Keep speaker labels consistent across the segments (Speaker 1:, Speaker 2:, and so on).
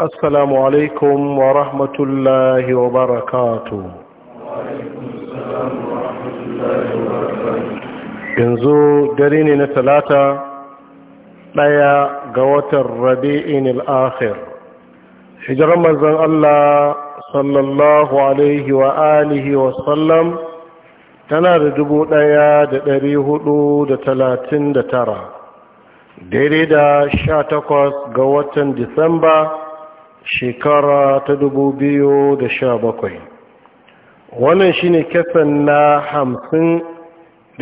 Speaker 1: السلام عليكم ورحمة الله وبركاته yanzu dare ne na talata ɗaya ga watan rabi'in al'akhir hijirar manzan Allah sallallahu alaihi wa alihi wa sallam tana da dubu ɗaya da ɗari hudu da talatin da tara daidai da sha takwas ga watan disamba shekara ta dubu biyu da sha bakwai. wannan shine kasan na hamsin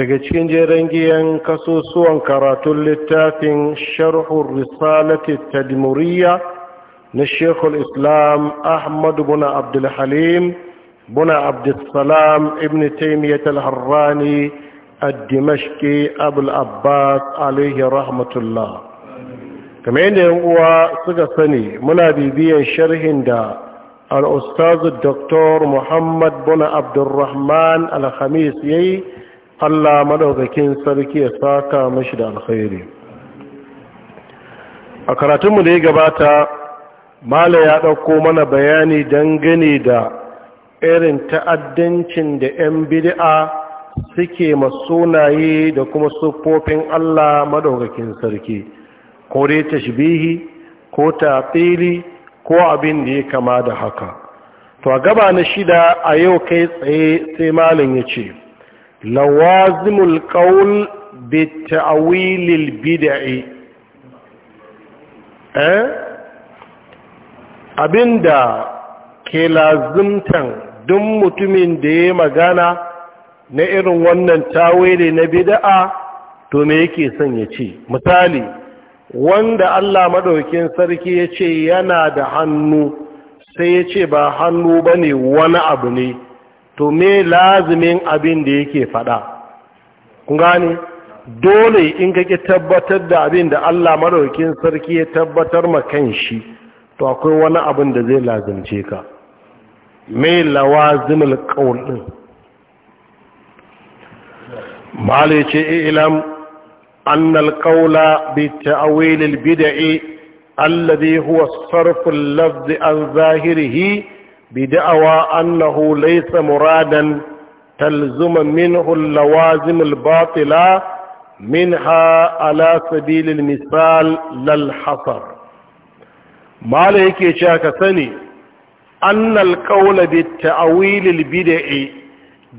Speaker 1: daga cikin jeren giyan kasusuwan karatun littafin sharhun risalati tadmuriya na shekul islam ahmad buna abdulhalim buna abdulsalam ibn taimiyyat al-harrani a أبو العباس عليه رحمة kamar yadda yan uwa suka sani muna bibiyan sharhin da al'ustazu dr muhammad buna abdurrahman alhamis ya yi allah madaukakin sarki ya saka mashi da alkhairi a karatunmu da ya gabata mala ya ɗauko mana bayani dangane da irin ta'addancin da 'yan bid'a suke sunaye da kuma siffofin allah madaukakin sarki ko dai tashbihi ko ta'tili ko abin da ya kama da haka to a gaba na shida a yau kai tsaye sai malin ya ce lawazimul qaul bi ta'wilil bid'i eh abinda ke lazimtan duk mutumin da ya magana na irin wannan tawili na bid'a to me yake son ya ce misali wanda Allah maɗaukin sarki ya ce yana da hannu sai ya ce ba hannu ba ne wani abu ne to me lazimin abin da yake faɗa kun dole in kake tabbatar da abin da Allah maɗaukin sarki ya tabbatar ma shi, to akwai wani abin da zai lazimce ka me lawazimul qaul din ce eh, ilam أن القول بتأويل البدع الذي هو صرف اللفظ عن ظاهره بدعوى أنه ليس مرادا تلزم منه اللوازم الباطلة منها على سبيل المثال للحصر ما لك شاك أن القول بالتأويل البدعي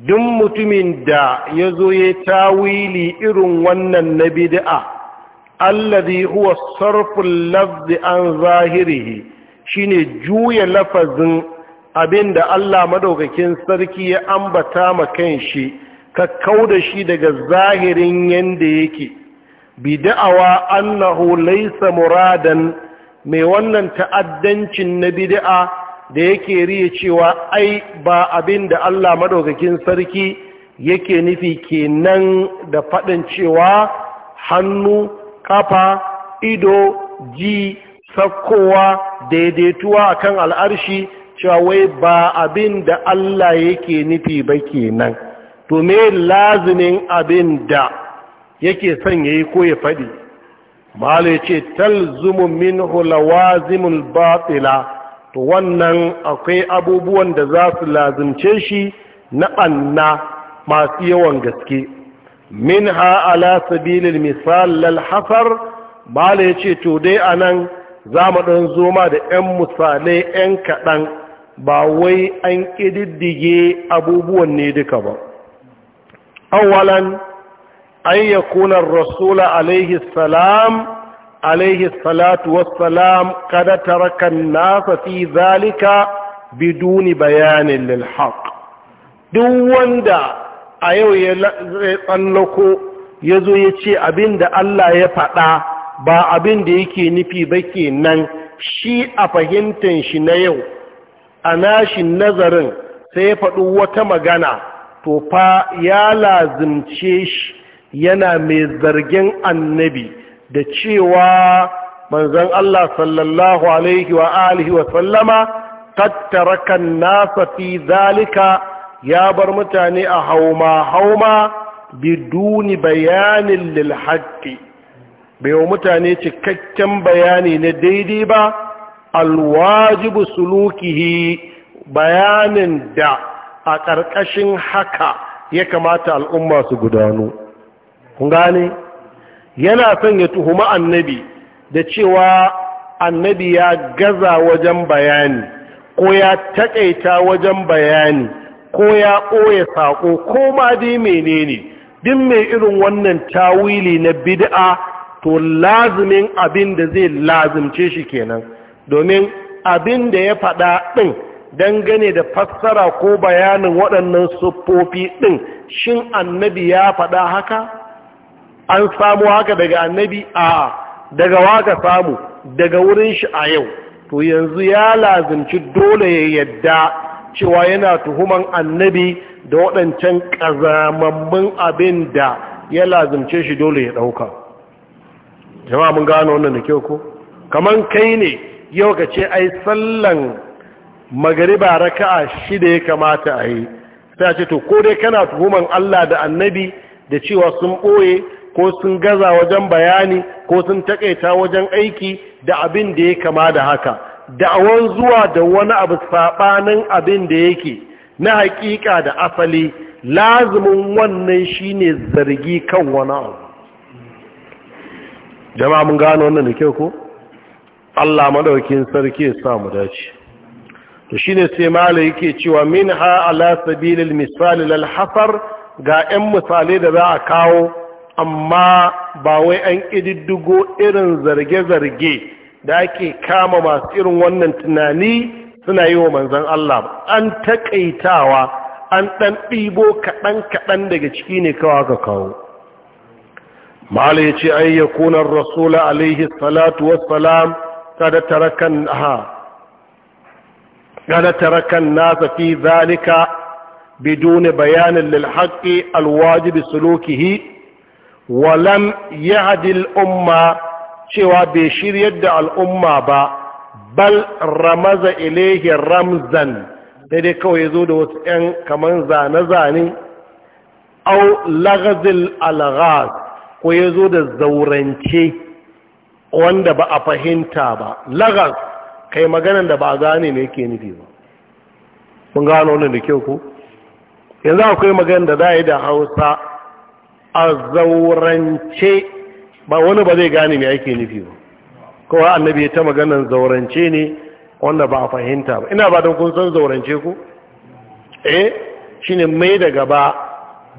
Speaker 1: duk mutumin da ya zo ya tawili irin wannan na bid'a allazi huwa sarful lafzi an zahirihi shine juya lafazin abinda Allah madaukakin sarki ya ambata ma shi ka kauda shi daga zahirin yanda yake bid'awa annahu laysa muradan mai wannan ta'addancin na bid'a da yake riye cewa ai ba abin da Allah madaukakin sarki yake nufi kenan da faɗin cewa hannu kafa ido ji sakkowa daidaituwa a kan al'arshi cewa wai ba abin da Allah yake nufi ba kenan to me lazimin abin da yake son yayi ko ya faɗi tal yace talzumu minhu lawazimul batila to wannan akwai abubuwan da za su lazimce shi na ɓanna masu yawan gaske min ha ala sabilin misal lalhasar bala ya ce to dai a nan za mu ɗan zoma da 'yan misalai 'yan kaɗan ba wai an ƙididdige abubuwan ne duka ba awalan an yakunan rasula alaihi salam alaihi salatu wassalam kada tarakan nasa fi zalika biduni bayanin lil duk wanda a yau ya tsallako ya zo ya ce abin Allah ya faɗa ba abin da yake nufi ba ke nan shi a fahimtar shi na yau a nashin nazarin sai ya faɗi wata magana to fa ya lazimce shi yana mai zargin annabi da cewa manzon Allah sallallahu alaihi wa alihi wa sallama tattarakan nasa fi zalika ya bar mutane a hauma hauma biduni bayanin lilhaƙi haqqi bai wa mutane cikakken bayani na daidai ba alwajibu sulukihi bayanin da a ƙarƙashin haka ya kamata al'umma su gudanu. Kun gane? yana son ya tuhuma annabi da cewa annabi ya gaza wajen bayani ko ya takaita wajen bayani ko ya ɓoye saƙo ko ma dai menene duk mai irin wannan tawili na bid'a to lazimin abin da zai lazimce shi kenan domin abin da ya faɗa ɗin dangane da fassara ko bayanin waɗannan siffofi ɗin shin annabi ya faɗa haka an samu haka daga annabi a daga waka samu daga wurin shi a yau to yanzu ya lazimci dole ya yadda cewa yana tuhuman annabi da waɗancan ƙazamammin abin da ya lazimce shi dole ya ɗauka jama'a mun gano wannan da kyau ko Kamar kai ne yau ka ce ai sallan magariba raka'a shida ya kamata a yi ta ce to ko dai kana tuhuman Allah da annabi da cewa sun ɓoye ko sun gaza wajen bayani ko sun takaita wajen aiki da abin da ya kama da haka da'awan zuwa da wani abu saɓanin abin da yake na hakika da asali lazumin wannan shine zargi kan wani abu jama'a mun gano wannan da kyau ko Allah madaukakin sarki ya sa mu dace to shine sai malai yake cewa minha ala sabilil misal lil hasar ga 'yan misalai da za a kawo amma ba wai an ƙididdigo irin zarge-zarge da ake kama masu irin wannan tunani suna yi wa manzan Allah an taƙaitawa an ɗan ɗibo kaɗan-kaɗan daga ciki ne kawa ka kawo mala ya ce ai ya kunar rasula alaihi salatu wassalam kada tarakan nasa fi zalika biduni bayanin lil alwajibi alwajibi sulukihi walam ya'dil umma cewa bai shiryar da al'umma ba bal ramaza ilaihi ramzan daidai kawai ya zo da wasu 'yan kamar zane-zane au lagazil alghaz ko ya zo da zaurance wanda ba a fahimta ba lagaz kai maganan da ba a gane ne ke nufi ba mun gano wani da kyau ko yanzu akwai magana da za a yi da hausa a zaurance ba wani ba zai gane mai ake nufi ba kawai annabi ya ta maganan zaurance ne wanda ba a fahimta ba ina ba don kun san zaurance ku eh shi ne mai da gaba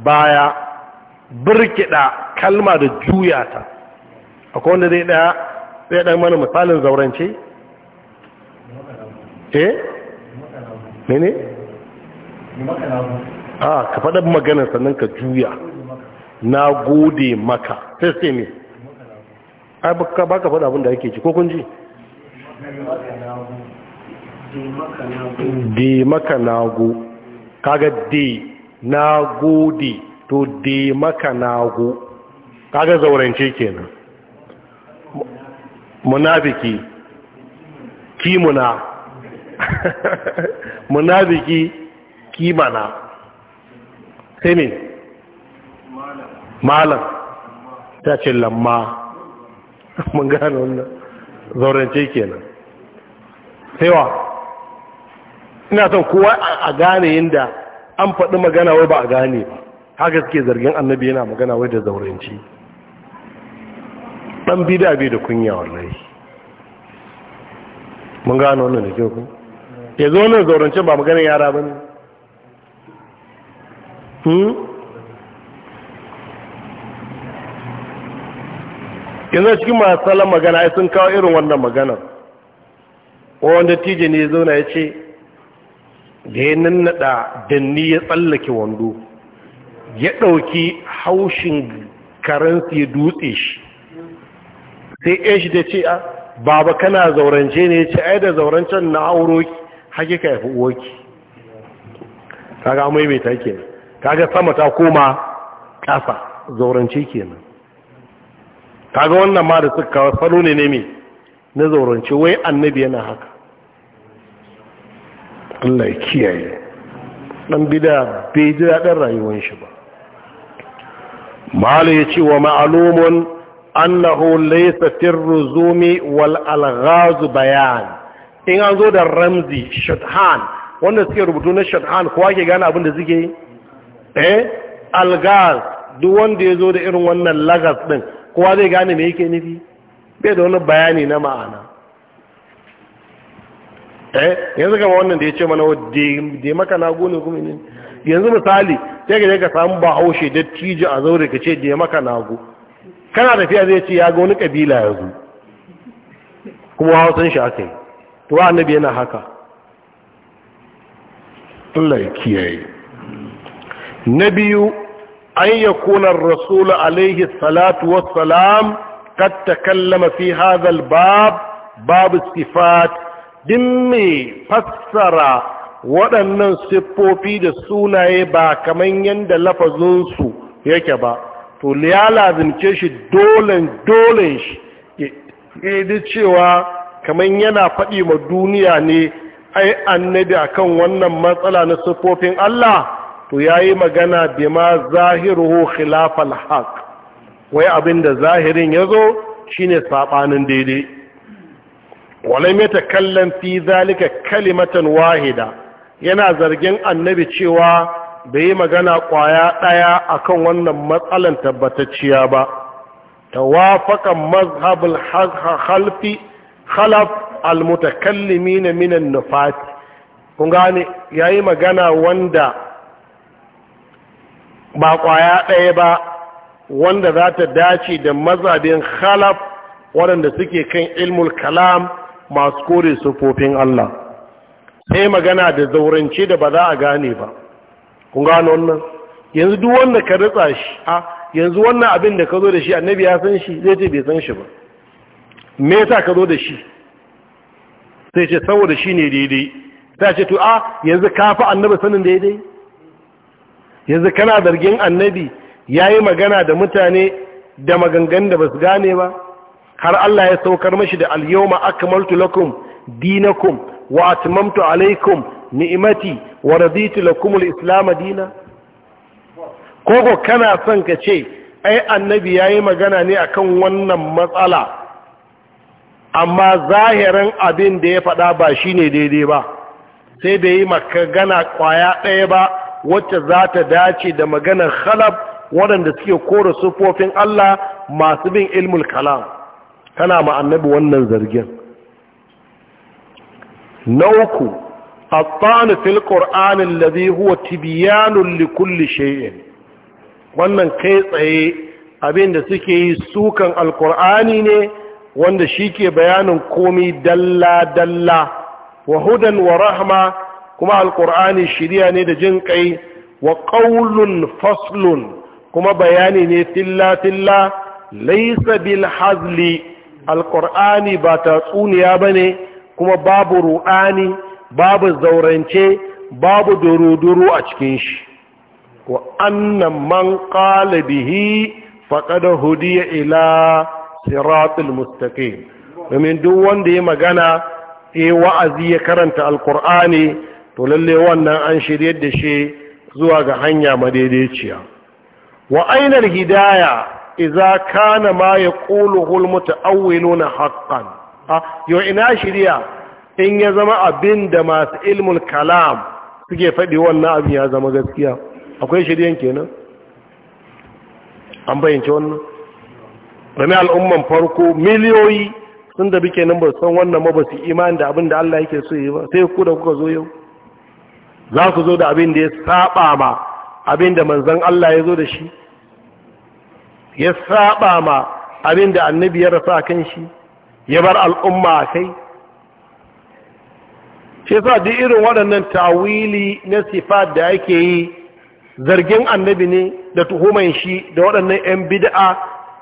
Speaker 1: baya birkida kalma da juya ta akwai wanda zai daya zai dan mana misalin zaurance eh mene a ah, ka faɗa maganar sannan ka juya na gode maka sai sai ne ai baka baka faɗa abinda da ake ci ko kun ji de maka na nago kaga di na gode to di maka nago kaga zaurance kenan munafiki kimuna munafiki kimana sai ne malam ta ce lamma mun gano wannan zaurance kenan sai wa ina son kowa a gane yadda an faɗi magana wai ba a gane ba haka suke zargin annabi yana magana wai da zaurance ɗan bida bi da kunya wallahi mun gano wannan da kyau ya zo wannan zaurancen ba maganin yara ba ne hmm? yanzu cikin masu magana ai sun kawo irin wannan maganar ko wanda ne zauna ya ce da ya da danni ya tsallake wando ya ɗauki haushin karansu ya dutse shi sai ya shi ta ce a baba kana zaurance ne ya ce ai da zaurancen na auro ki hakika ya fi uwoki kaga amai mai ta kaga sama ta koma ƙasa zaurance kenan kaga wannan ma da suka kawo salo ne ne mai na zaurance wai annabi yana haka Allah ya kiyaye dan bida bai ji daɗin rayuwar shi ba malu ya ce wa ma'alumun annahu laysa tirruzumi wal alghaz bayan in an zo da ramzi shadhan wanda suke rubutu na shadhan kowa ke gane abin da suke eh alghaz duk wanda ya zo da irin wannan lagas din kowa zai gane mai yake nufi bai da wani bayani na ma'ana eh yanzu kama wannan da ya ce mana ya oh, maka na gone kuma ne yanzu misali sai ka je ka samu ba haushe dattijo a zaure ka ce da maka na go kana tafiya zai ce ya ga wani kabila ya zo kuma hausan shi aka yi to annabi yana haka Allah ya kiyaye na biyu an yakuna ar-rasul alayhi salatu wassalam قد تكلم في هذا الباب باب الصفات دمي فسر waɗannan siffofi da sunaye ba kamar yadda lafazinsu yake ba to ya lazimce shi dolen dolen shi ya cewa kamar yana faɗi ma duniya ne ai annabi akan wannan matsala na siffofin Allah to yi magana bima zahiruhu khilafal haq wai abinda zahirin ya yazo shine saɓanin daidai walam yatakallam fi zalika kalimatan wahida yana zargin annabi cewa bai yi magana kwaya daya akan wannan matsalan tabbatacciya ba tawafaqan mazhabin khalfi khalaf almutakallimin min an kun gane yayi magana wanda ba kwaya ɗaya ba wanda za ta dace da mazabin khalaf waɗanda suke kan ilmul kalam masu kore sufofin Allah sai magana da zaurance da ba za a gane ba kun gano wannan yanzu duk wanda ka ritsa shi a yanzu wannan abin da ka zo da shi annabi ya san shi zai ce bai san shi ba me yasa ka zo da shi sai ce saboda shi ne daidai ta ce to a yanzu ka fi annabi sanin daidai yanzu kana zargin annabi ya yi magana da mutane da magangan da ba su gane ba har Allah ya saukar mashi da alyawma akmaltu lakum dinakum wa atmamtu alaikum ni'imati wa raditu lakum al-islam dina koko kana son ka ce ai annabi ya yi magana ne akan wannan matsala amma zahirin abin da ya faɗa ba shi ne daidai ba sai bai yi gana kwaya ɗaya ba wacce za ta dace da maganar khalab waɗanda suke kora sufofin Allah masu bin ilmul kalam tana ma annabi wannan zargin na uku attani fil qur'an alladhi huwa tibyanun likulli shay'in wannan kai tsaye abinda suke yi sukan alqur'ani ne wanda shi ke bayanin komai dalla dalla wa hudan wa rahma kuma alkur'ani shirya ne da jin kai wa ƙaunun faslun kuma bayani ne filla filla laisa bil hazli alkur'ani ba tatsuniya ne kuma babu ru'ani babu zaurance babu duruduru a cikin shi wa annan man qala bihi faqad hudiya ila siratul mustaqim domin duk wanda ya magana eh wa'azi ya karanta alkur'ani to lalle wannan an shiryar da shi zuwa ga hanya madaidaiciya wa ainar hidaya iza kana ma ya ƙuluhul na haqqan ah, yo ina shirya in ya zama abin da masu ilmul kalam suke faɗi wannan abin ya zama gaskiya akwai shiryan kenan an bayyance wannan rami al'umman farko miliyoyi sun da bike nan ba san wannan ba su imani da abin da Allah yake so yi ba sai ku da kuka zo yau za ku zo da abin da ya saba ma abin da manzan Allah ya zo da shi ya saba ma abin da annabi ya rasa kan shi ya bar al'umma a kai shi sa duk irin waɗannan tawili na sifat da ake yi zargin annabi ne da tuhuman shi da waɗannan 'yan bid'a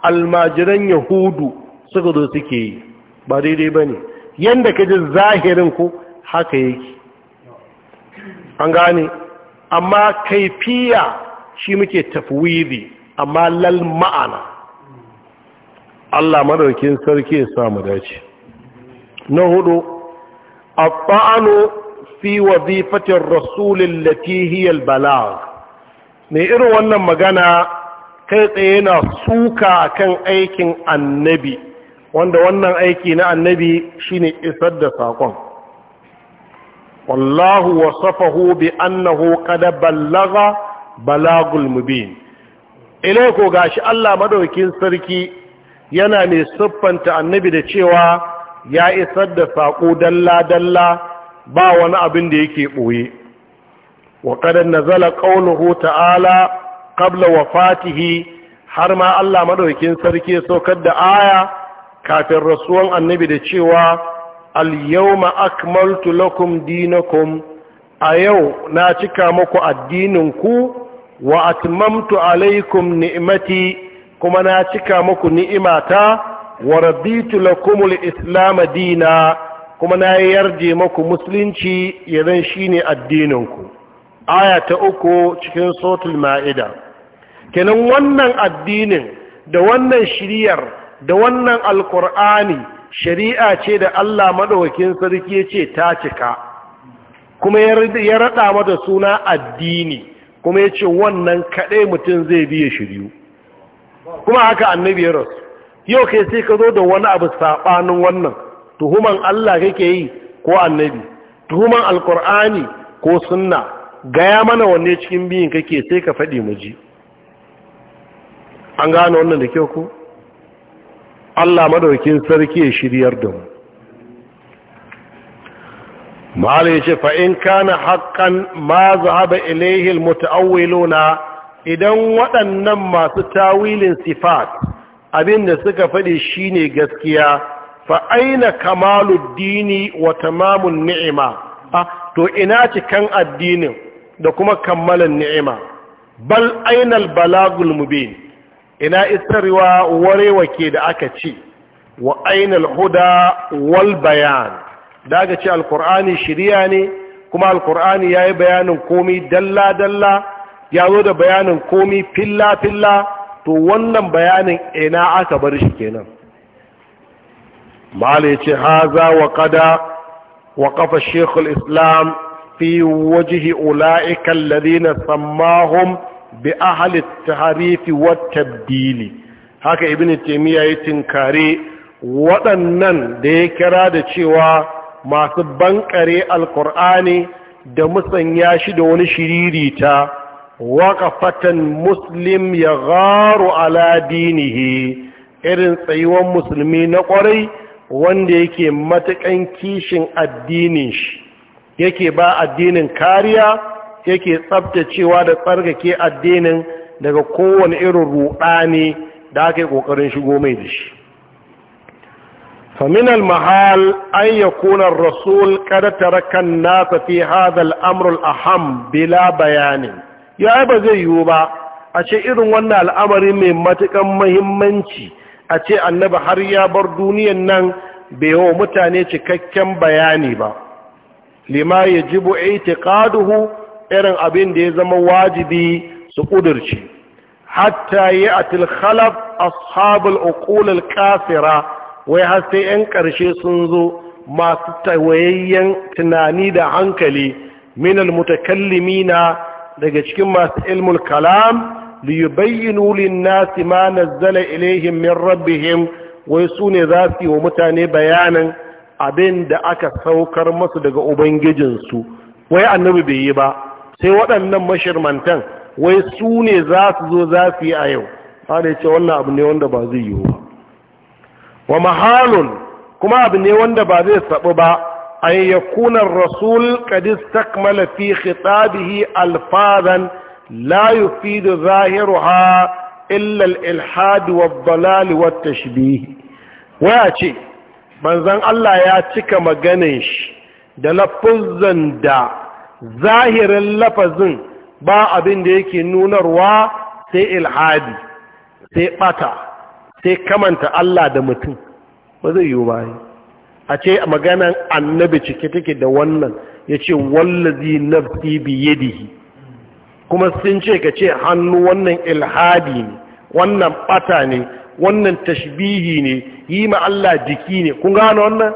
Speaker 1: almajiran yahudu suka zo suke yi ba daidai ba ne yadda ka ji zahirin ku haka yake an gane amma kaifiya shi muke tafwidi amma lal ma'ana Allah madaukin sarki ya samu dace na hudu afanu fi wazifati ar-rasul allati hiya al ne irin wannan magana kai tsaye na suka akan aikin annabi wanda wannan aiki na annabi shine isar da sakon wallahu wasafahu bi annahu qad ballagha balagul mubin ilai ko gashi Allah madaukin sarki yana mai siffanta annabi da cewa ya isar da saƙo dalla-dalla ba wani abin da yake ɓoye wa ƙadar nazala ƙaunuhu ta'ala ƙabla wa fatihi har ma Allah maɗaukin sarki saukar da aya kafin rasuwan annabi da cewa al akmaltu lakum dinakum a yau na cika muku ku wa atmamtu alaikum ni'mati kuma na cika muku ni'imata wa raditu lakum al-islam dina kuma na yarje muku musulunci yadan shine ku aya ta uku cikin suratul ma'ida kenan wannan addinin da wannan shiriyar da wannan alqur'ani shari'a ce da Allah maɗaukin sarki ya ce ta cika kuma ya raɗa mata suna addini kuma ya ce wannan kaɗai mutum zai biya shiryu kuma haka annabi ya rasu yau kai sai ka zo da wani abu saɓanin wannan tuhuman Allah kake yi ko annabi tuhuman alkur'ani ko sunna gaya mana wanne cikin biyin kake sai ka faɗi mu an gane wannan da kyau ko Allah madaukin sarki ya shiryar da mu mala yace fa in kana haqqan ma zahaba ilayhi almutaawwiluna idan waɗannan masu tawilin sifat abin da suka faɗi shine gaskiya fa aina kamaluddini wa tamamun ni'ima to ina cikan addinin da kuma kammalan ni'ima bal aina balagul mubin ina isarwa warewa ke da aka ce wa ainal huda wal bayan daga ce alkur'ani shirya ne kuma alkur'ani ya yi bayanin komi dalla-dalla ya zo da bayanin komi filla-filla to wannan bayanin ina aka bar shi kenan mala ya ce haza wa kada wa kafa shekul islam fi wajihi ula'ikan ladina sammahum bi ahli tahrifi wa tabdili haka ibn taymiya ya tinkare waɗannan da ya kira da cewa masu bankare alƙur'ani da musanya shi da wani shiririta waqafatan muslim ya gharu ala dinihi irin tsayuwan musulmi na ƙwarai wanda yake matakan kishin addinin shi yake ba addinin kariya yake tsaftacewa da tsarkake addinin daga kowane irin ne da aka yi ƙoƙarin shigo mai da shi. faminal mahal an yi kunan rasul ƙadatar kan nasa fi hadal a aham bila bayanin ya yi ba zai yiwu ba a ce irin wannan al'amari mai matuƙan mahimmanci a ce annaba har ya bar duniyan nan bewa mutane cikakken bayani ba lima ya jibu irin abin da ya zama wajibi su ƙudurci hatta yi a tilhalar ashabul uqulul kasira wai har sai 'yan ƙarshe sun zo masu tawayayyen tunani da hankali minal mutakallimina daga cikin masu ilmul kalam liyubayyinu lin-nasi ma nazzala ilaihim min rabbihim wai su ne za su yi wa mutane bayanin abin da aka saukar masu daga ubangijinsu wai annabi bai yi ba sai waɗannan mashirmantan wai su ne za su zo za su yi a yau ana ya ce wannan abu ne wanda ba zai yiwu ba wa mahalun kuma abu ne wanda ba zai saɓu ba an ya kunan rasul kadis takmala fi khitabihi alfadan la yufidu zahiruha illa al-ilhad wa dalal wa tashbih waya ce manzon Allah ya cika maganin shi da lafuzzan da zahirin lafazin ba abin da yake nunarwa sai ilhadi sai bata sai kamanta Allah da mutum ba zai yi ba a ce maganan annabi cike take da wannan ya ce wallazi nafsi biyadihi kuma sun ce ka ce hannu wannan ilhadi ne wannan bata ne wannan tashbihi ne yi ma Allah jiki ne kun gano wannan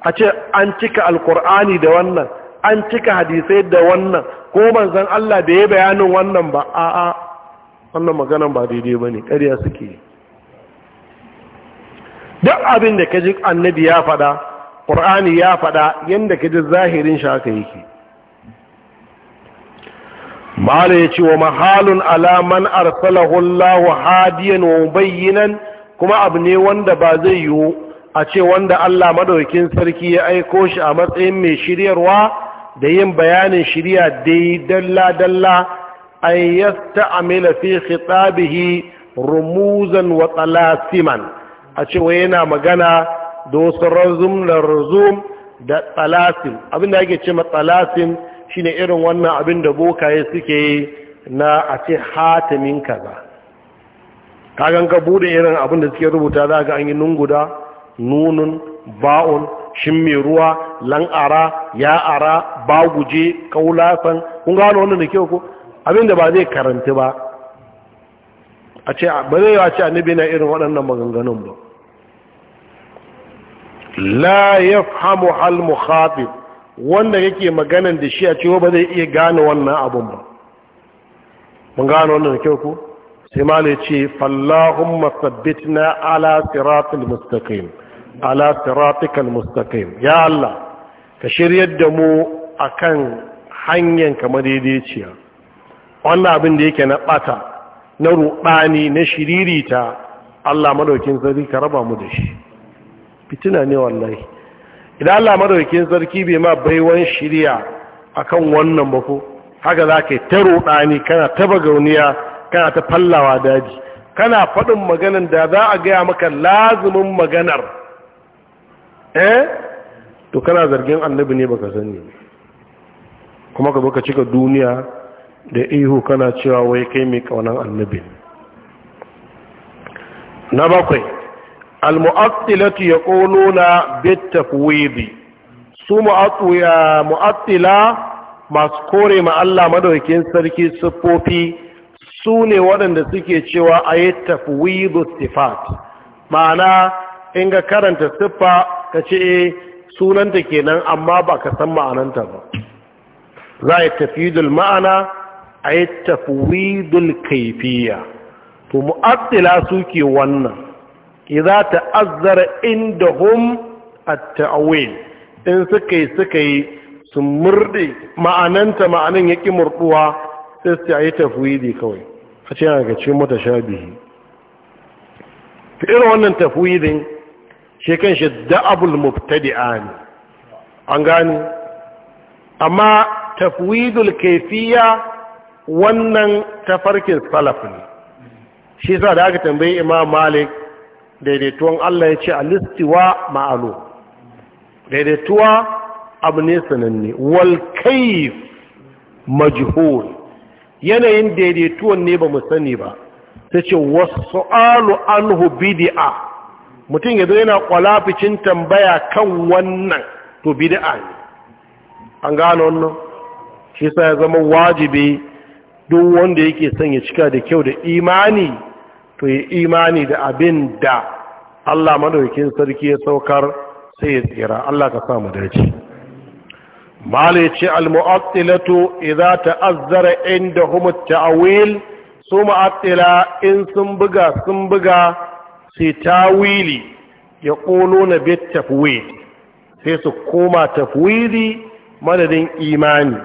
Speaker 1: a ce an cika alkur'ani da wannan an cika hadisai da wannan ko san Allah bai bayanin wannan ba a'a wannan maganan ba daidai ba ne, ƙarya suke duk abin da kaji annabi ya faɗa ƙur'ani ya faɗa yanda kaji zahirin shi haka yake mala ya ce wa mahalun alaman arsalahu Allah hadiyan wa bayyinan kuma abu ne wanda ba zai yiwu a ce wanda Allah madaukin sarki ya aiko shi a matsayin mai shiryarwa da yin bayanin shirya dai dalla-dalla an yasta amila fi khitabihi rumuzan wa tsalasiman a cewa yana magana da wasu razum da razum da tsalasim abinda ake ce matsalasim shine irin wannan abin da bokaye suke yi na a ce hatimin kaza kagan ka bude irin abin da suke rubuta za ga an yi nun guda nunun ba'un shin mai ruwa lan ara ya ara guje kaulasan kun gano wannan da kyau ko abinda ba zai karanta ba a ce ba zai yi a ce annabi na irin waɗannan maganganun ba la yafhamu hal mukhatib wanda yake maganan da shi a cewa ba zai iya gane wannan abin ba mun gano wannan da kyau ko sai malai ce fallahun masabbitina ala siratul mustaqim ala siratikal mustaqim ya Allah ka shiryar da mu akan hanyar kamar daidaiciya wannan abin da yake na bata na rubani na shiririta Allah madaukin sarki ka raba mu da shi fitina ne wallahi idan Allah madaukin sarki bai ma baiwan shiriya akan wannan ba ko haka zaka ta rubani kana ta bagauniya kana ta fallawa daji kana faɗin maganar da za a gaya maka lazumin maganar eh to kana zargin annabi ne baka sani kuma ka baka cika duniya da ihu kana cewa wai kai mai kaunan annabi na bakwai almu'attilatu yaquluna bitafwidi su mu'attiya mu'attila masu kore ma Allah madaukakin sarki Sufofi, su ne waɗanda suke cewa ayi tafwidu sifat ma'ana in ga karanta siffa ka ce eh, sunanta kenan amma ba ka san ma'ananta ba za a yi tafidul ma'ana a yi tafidul kaifiya to mu'attila suke wannan idza ta'azzara indahum a ta'awil in suka yi suka yi su murɗe ma'ananta ma'anin ya ƙi murduwa sai su yi tafwidi kawai a ce ga cikin sha fi irin wannan tafwidin shi kan shi da'abul mubtadi'a ne an gani amma tafwidul kaifiya wannan tafarkin salaf ne shi za da aka tambayi imam malik daidaituwan Allah ya ce alistiwa ma'alu daidaituwa abu ne sananne wal kaif majhul yanayin daidaituwan ne ba mu sani ba ta ce wasu alu anhu bid'a mutum ya zo yana kwalaficin tambaya kan wannan to bid'a ne an gano wannan shi sa ya zama wajibi duk wanda yake son ya cika da kyau da imani to ya imani da abin da Allah madaukakin sarki ya saukar sai ya tsira Allah ka sa mu dace mala yace al-mu'attilatu idza ta'azzara indahum at-ta'wil su mu'attila in sun buga sun buga sai tawili ya ƙolo na bit tafwili sai su koma tafwili madadin imani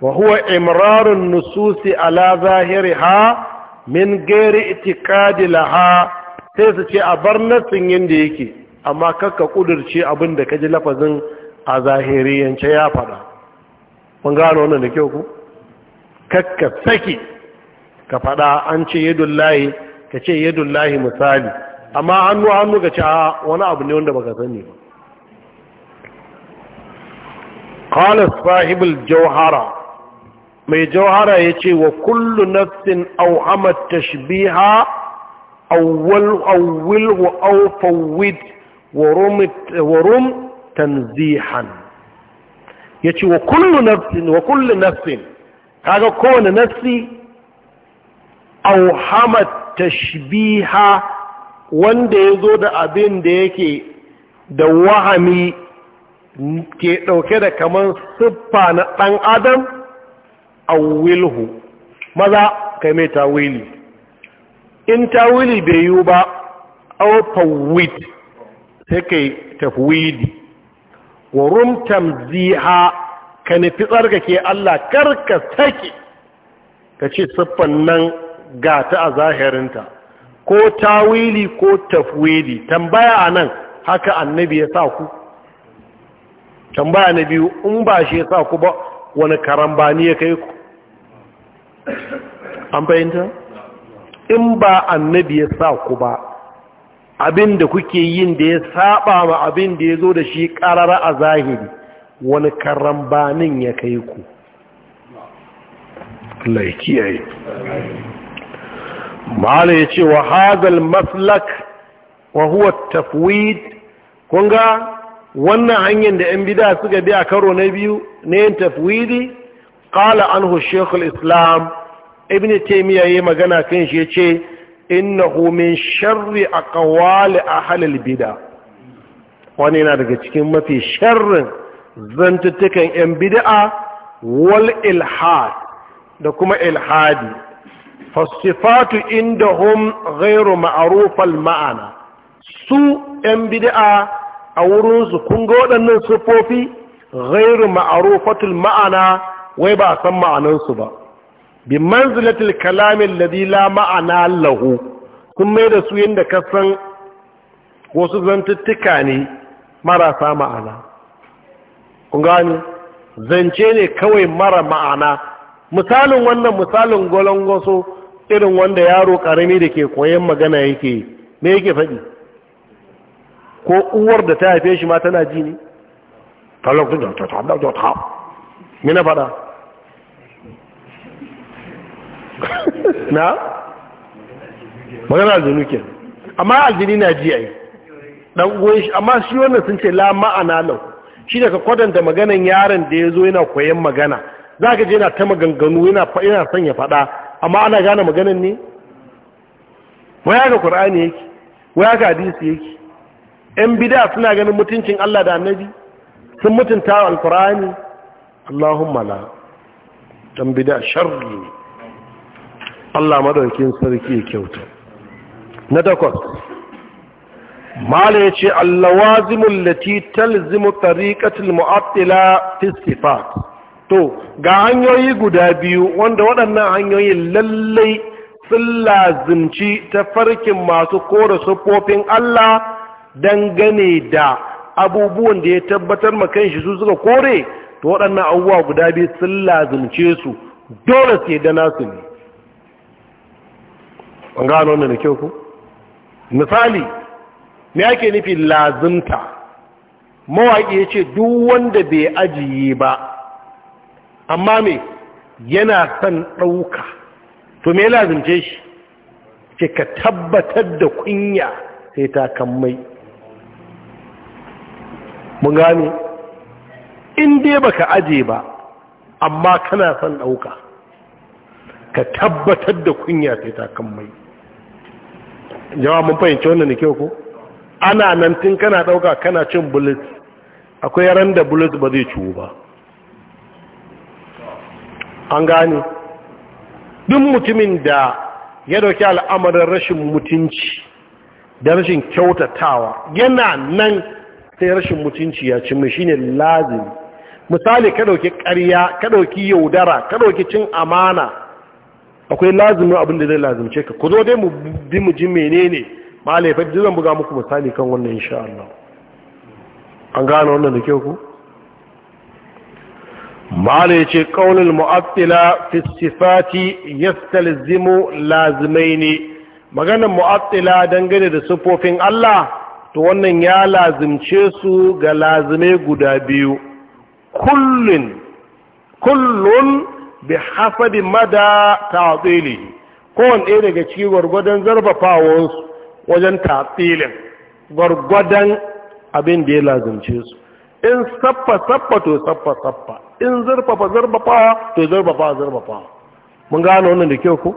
Speaker 1: wa huwa imrarun nususi ala zahiriha min gari itikadi laha sai su ce a bar nassin yadda yake amma kakka kudurce abinda da kaji lafazin a zahiriyance ya faɗa mun gano wannan da kyau ku kakka saki ka faɗa an ce yadullahi ka ce yadullahi misali amma hannu hannu ga ce a wani abu ne wanda baka sani ba qala sahibul Jauhara, mai ya yace wa kullu nafsin awhamat tashbiha awwal awwil wa awfawid wa rum tanzihan yace wa wa kullu nafsin kaga kowane nafsi auhamat tashbiha wanda ya zo da abin da yake da wahami ke ɗauke da kamar siffa na ɗan adam a wilhu maza yi mai tawili in tawili bai yiwu ba alfawid sai ka yi tafwidi wa rumtam ziha ka nufi tsarkake Allah karka sake ka ce siffan nan ga ta a zahirinta ko tawili ko tafwili tambaya a nan haka annabi ya sa ku tambaya na biyu in ba shi ya sa ku ba wani karambani ya kai ku an fahimta in ba annabi ya sa ku ba abin da kuke yin da ya saba ma abin da ya zo da shi karara a zahiri wani karambanin ya kai ku Allah ya mala ya ce wa hadal maslak wa huwa tafwid kun ga wannan hanyar da 'yan bida suka bi a karo na biyu na yin tafwidi an anhu shekul islam ibn taimiyya ya magana kan shi ya ce ina homin sharri a kawali a halal bida wani yana daga cikin mafi sharrin zantuttukan 'yan bida'a wal ilhad da kuma ilhadi fasifatu indahum ghairu ma'arufal ma'ana su ‘yan bida'a a wurinsu kun ga waɗannan sifofi, ghairu ma'arufatul ma'ana wai ba a san ma'anansu ba bi manzilatul kalamin ladila ma'ana lahu kun mai da su yadda ka san wasu zantuttuka ne marasa ma'ana kun gani zance ne kawai mara ma'ana misalin wannan misalin golongoso irin wanda yaro karami da ke koyon magana yake ne yake faɗi ko uwar da ta haife shi ma tana ji ne mina faɗa na magana aljini ke amma aljini na ji a yi ɗan goyi shi amma shi wannan sun ce la ma'ana lau shi daga kwadanta maganan yaron da ya zo yana koyon magana za ka je yana ta maganganu yana son ya faɗa amma ana gane maganin ne waya ga ƙur'ani yake waya ga hadisi yake yan bida suna ganin mutuncin Allah da annabi sun mutunta alƙur'ani Allahumma la ɗan bida sharri ne Allah madaukin sarki ya kyauta na takwas mala ya ce allawazimun lati talzimu tariƙatul mu'attila fi sifat to ga hanyoyi guda biyu wanda waɗannan hanyoyin lallai sun lazimci ta farkin masu kora sufofin Allah dangane da abubuwan da ya tabbatar makan shi su suka kore to waɗannan abubuwa guda biyu sun lazimce su dole yi dana su ne an gano wannan da kyau ku misali me ake nufi lazimta mawaƙi ya ce duk wanda bai ajiye ba amma me yana son ɗauka to me lazimce shi ce ka tabbatar da kunya sai ta kammai mun gane in dai baka aje ba amma kana son ɗauka ka tabbatar da kunya sai ta kammai jama'a mun fahimci wannan da kyau ko ana nan tun kana ɗauka kana cin bullet akwai ran da bullet ba zai ciwo ba an gane duk mutumin da ya dauki al'amarin rashin mutunci da rashin kyautatawa yana nan sai rashin mutunci ya cimma shine lazimi misali ka dauki ƙarya ka dauki yaudara ka dauki cin amana akwai lazimin abin da zai lazimce ka ku zo dai mu bi mu ji menene ma zan buga muku misali kan wannan insha Allah an gane wannan da kyau ku mala ya ce ƙaunin mu'abtila fisifati yastalzimu lazimai ne maganin mu'abtila dangane da siffofin Allah to wannan ya lazimce su ga lazimai guda biyu kullun kullun bi hasabi mada ta'tilihi kowane ɗaya daga cikin gwargwadon zarfafawarsu wajen ta'tilin gwargwadon abin da ya lazimce su in saffa saffa to saffa saffa in zurfafa zurfafa to zurfafa zurfafa mun gano wannan da kyau ko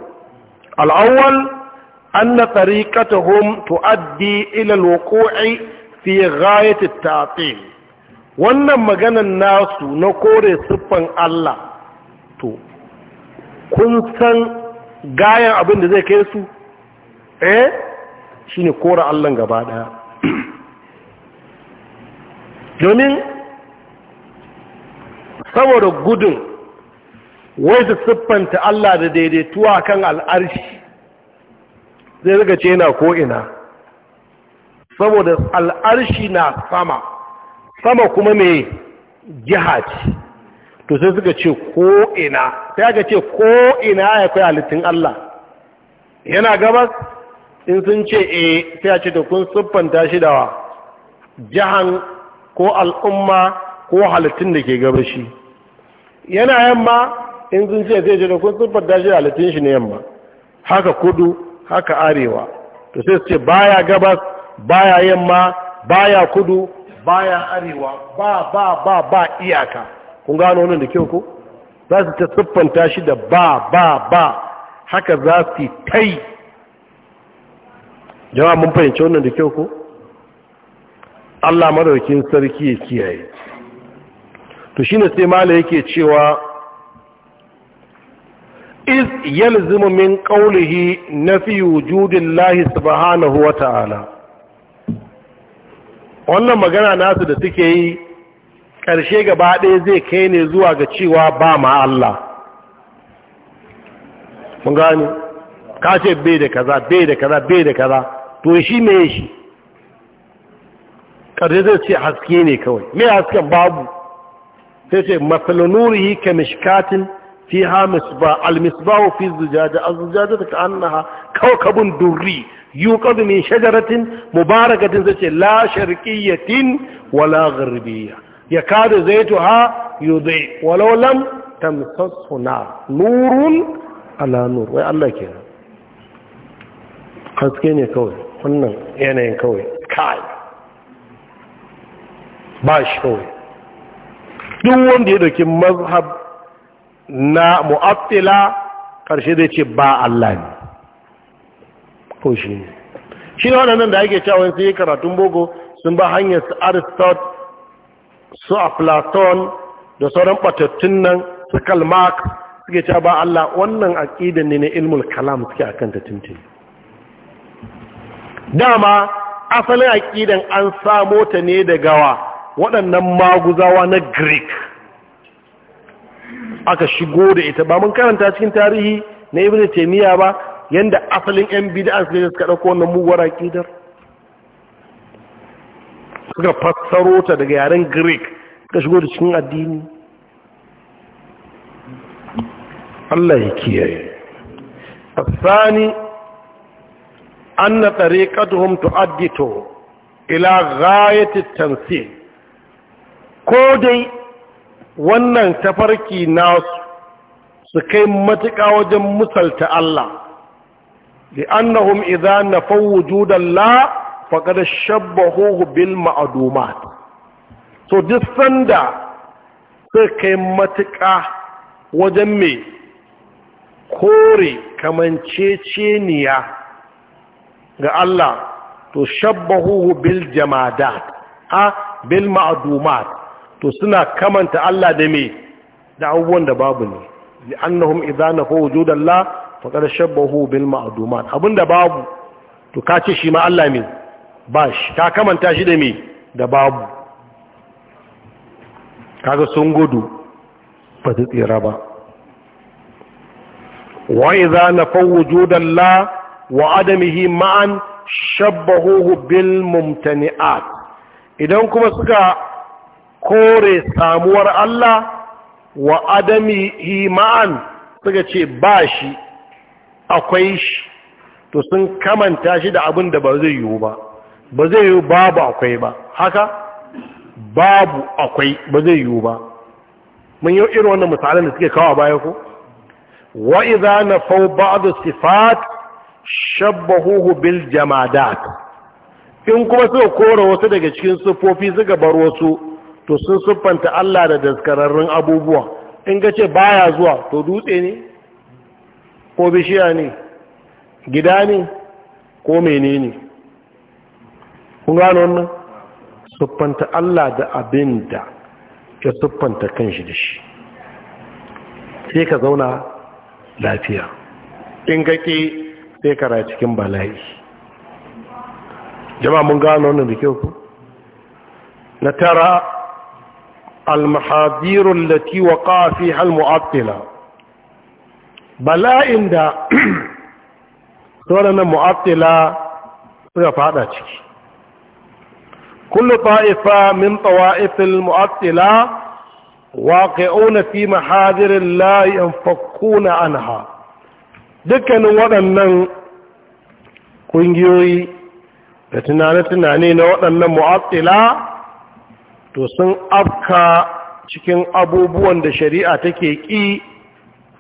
Speaker 1: al'awwal anna tariqatuhum tuaddi ila al-wuqu'i fi ghayati at-ta'til wannan maganan nasu na kore siffan Allah to kun san gayan abin da zai kai su eh shine kore Allah gaba daya domin saboda gudun wai su siffanta Allah da daidaituwa kan al'arshi zai riga ce yana ko'ina saboda al'arshi na sama sama kuma mai jiha ce to sai suka ce ko'ina sai aka ce ko'ina ya kai halittun Allah yana gabas in sun ce e sai a ce da kun siffanta shi da jihan ko al'umma ko halittun da ke gabashi yana yamma in sun ce zai jira kun siffar da shi halittun shi na yamma haka kudu haka arewa to sai ce baya gabas baya yamma baya kudu baya arewa ba ba ba ba iyaka kun gano wannan da kyau ko za su ta siffanta shi da ba ba ba haka za su yi kai jama'a mun fahimci wannan da kyau ko Allah madaukin sarki ya kiyaye to shine sai mala yake cewa iz yalzimu min qawlihi nafi wujudillahi subhanahu wa ta'ala wannan magana nasu da suke yi ƙarshe gaba ɗaya zai kai ne zuwa ga cewa ba ma Allah mun gani ka bai da kaza bai da kaza bai da kaza to shi me shi كرزت في عسكيني كوي ما عسكن بعض فشيء مثل نوره كمشكات فيها مصباح المصباح في الزجاجة الزجاجة كأنها كوكب دوري يوقظ من شجرة مباركة فشيء لا شرقية ولا غربية يكاد زيتها يضيء ولو لم تمسسه نار نور على نور ويا الله كذا عسكيني كوي فنن يعني كوي كاي ba shi kawai duk wanda ya dauki mazhab na mu'attila karshe zai ce ba Allah ne ko shi ne shi ne wannan da ake cewa sai karatun boko sun ba hanyar su aristot su platon da sauran batattun nan su kalmak suke cewa ba Allah wannan aƙidan ne na ilmul kalam suke akan ta tuntun dama asalin aqidan an samo ta ne da gawa waɗannan maguzawa na greek aka shigo da ita ba mun karanta cikin tarihi na ibn taymiya ba yanda asalin yan bid'a suka suka dauko wannan muguwar akidar suka fassaro ta daga yaren greek suka shigo da cikin addini Allah ya kiyaye الثاني أن طريقتهم ila إلى غاية التمثيل ko dai wannan tafarki nasu su kai matuƙa wajen musalta Allah li'annahum idza nafaw wujudallah faqad shabbahuhu bil ma'dumat so duk sanda sai kai matuƙa wajen me kore kamanceceniya ga Allah to shabbahuhu bil jamadat a bil ma'dumat to suna kamanta Allah da me da abubuwan da babu ne li'annahum idza nafu wujudallah faqad shabbahu bil ma'dumat abinda babu to kace shi ma Allah me ba ka kamanta shi da me da babu kaga sun gudu ba ta tsira ba wa idza nafu wujudallah wa adamihi ma'an shabbahu bil mumtani'at idan kuma suka kore samuwar Allah wa adami ma'an suka ce ba shi akwai shi to sun kamanta shi da abin da ba zai yiwu ba ba zai yiwu babu akwai ba haka babu akwai ba zai yiwu ba mun yi irin wannan misalan da suke kawo baya ko wa idza nafau ba'd sifat shabbahuhu bil jamadat in kuma suka kore wasu daga cikin sifofi suka bar wasu to sun siffanta Allah da daskararrun abubuwa in ga ce baya zuwa to dutse ne ko bishiya ne gida ne ko mene ne kun gano wannan siffanta Allah da abin da ya siffanta kanshi da shi sai ka zauna lafiya in ke sai kara cikin bala'i jama'a mun gano wannan da kyau ku na tara al-mahadir allati waqa fiha bala'in da sauran mu'attila suka fada ciki kullu ta'ifa min tawa'ifil mu'attila waqi'una fi mahadirin fakkuna an anha dukkanin waɗannan ƙungiyoyi da tunane-tunane na waɗannan mu'attila to sun afka cikin abubuwan da shari'a take ƙi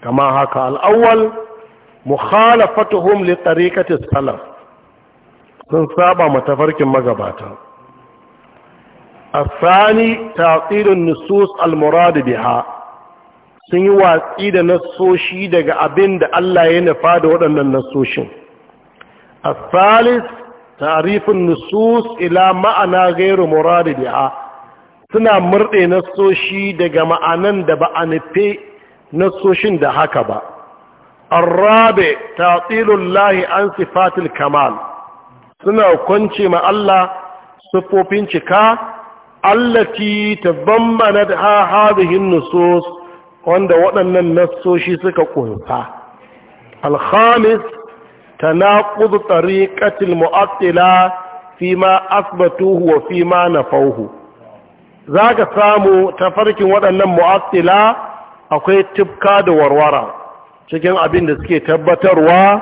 Speaker 1: kama haka al'awwal mukhalafatuhum li tariqati salaf sun saba matafarkin magabata asani ta'tilun nusus al-murad biha sun yi watsi da nasoshi daga abin da Allah ya nufa da waɗannan nassoshin asalis ta'rifun nusus ila ma'ana ghairu murad biha suna murɗe nasoshi daga ma'anan da ba a nufe nasoshin da haka ba arrabe tatsilullahi an sifatil kamal suna kwance ma Allah siffofin cika allati ta bambana da haɗihin nusos wanda waɗannan nasoshi suka ƙunsa alhamis ta naƙudu tsariƙatil mu'attila fi ma asbatuhu wa fi ma na fauhu za ka samu tafarkin waɗannan mu'attila akwai tufka da warwara cikin abin da suke tabbatarwa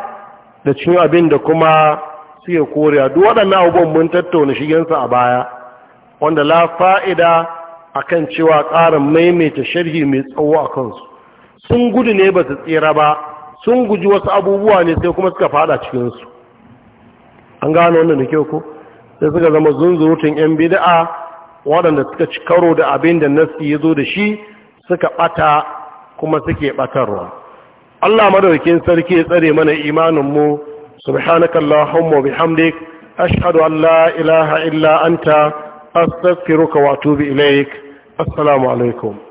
Speaker 1: da cikin abin da kuma suke koriya duk waɗannan abubuwan mun tattauna shigensa a baya wanda la fa'ida a kan cewa ƙarin maimaita sharhi mai tsawo a kansu sun gudu ne ba su tsira ba sun guji wasu abubuwa ne sai kuma suka fada cikinsu an gano wannan da kyau ko sai suka zama zunzurutun 'yan bida'a waɗanda suka ci karo da abin da nassi ya zo da shi suka ɓata kuma suke ɓatarwa Allah madaukin sarki ya tsare mana imaninmu subhanakallahumma bihamdik ashhadu an la ilaha illa anta astaghfiruka wa atubu ilaik assalamu alaikum